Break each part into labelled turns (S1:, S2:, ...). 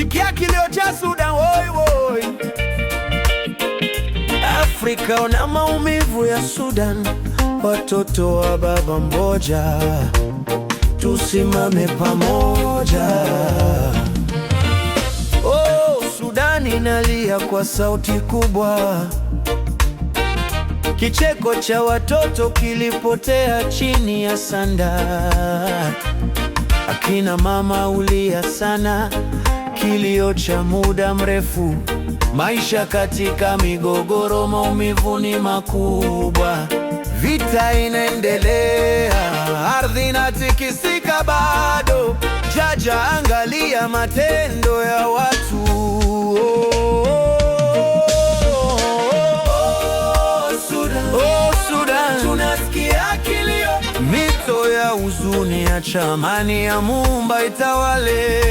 S1: Sikia kilio cha Sudan, woi woi. Afrika una maumivu ya Sudan, watoto wa baba mmoja, tusimame pamoja. Oh, Sudan inalia kwa sauti kubwa, kicheko cha watoto kilipotea chini ya sanda. Akina mama ulia sana kilio cha muda mrefu, maisha katika migogoro, maumivu ni makubwa, vita inaendelea, ardhi inatikisika bado. Jaja, angalia matendo ya watu oh,
S2: oh, Sudan.
S1: Oh, oh, Sudan.
S2: Tunasikia kilio,
S1: mito ya huzuni, ya chamani ya Mumba itawale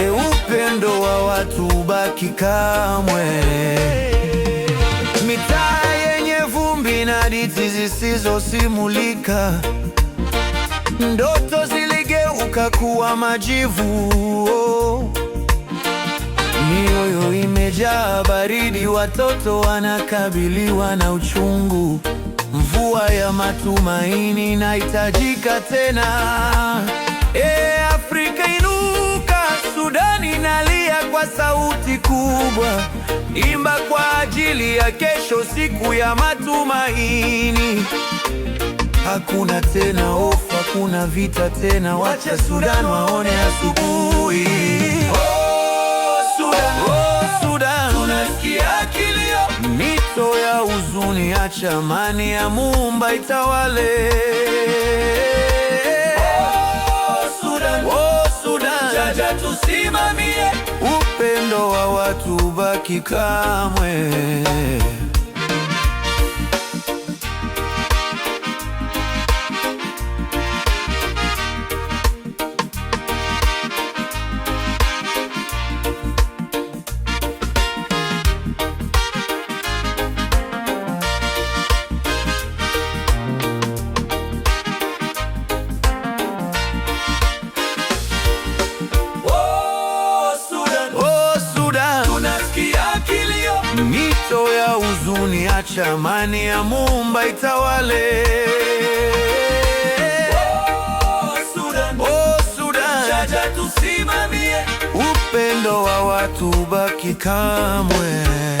S1: e, upendo wa watu ubaki kamwe. Mitaa yenye vumbi na diti zisizosimulika, ndoto ziligeuka kuwa majivu. Oh. Mioyo imejaa baridi, watoto wanakabiliwa na uchungu. Mvua ya matumaini inahitajika tena, e. Sudani nalia kwa sauti kubwa, imba kwa ajili ya kesho, siku ya matumaini. Hakuna tena hofu, hakuna vita tena, wacha Sudan waone asubuhi.
S2: Oh, Sudan,
S1: oh, Sudan,
S2: tunasikia kilio,
S1: mito ya huzuni, acha amani ya Muumba itawale.
S2: simamie
S1: upendo wa watu baki kamwe kuniacha, amani ya Muumba itawale.
S2: Oh, Sudan.
S1: Oh,
S2: tusimamie,
S1: upendo wa watu baki kamwe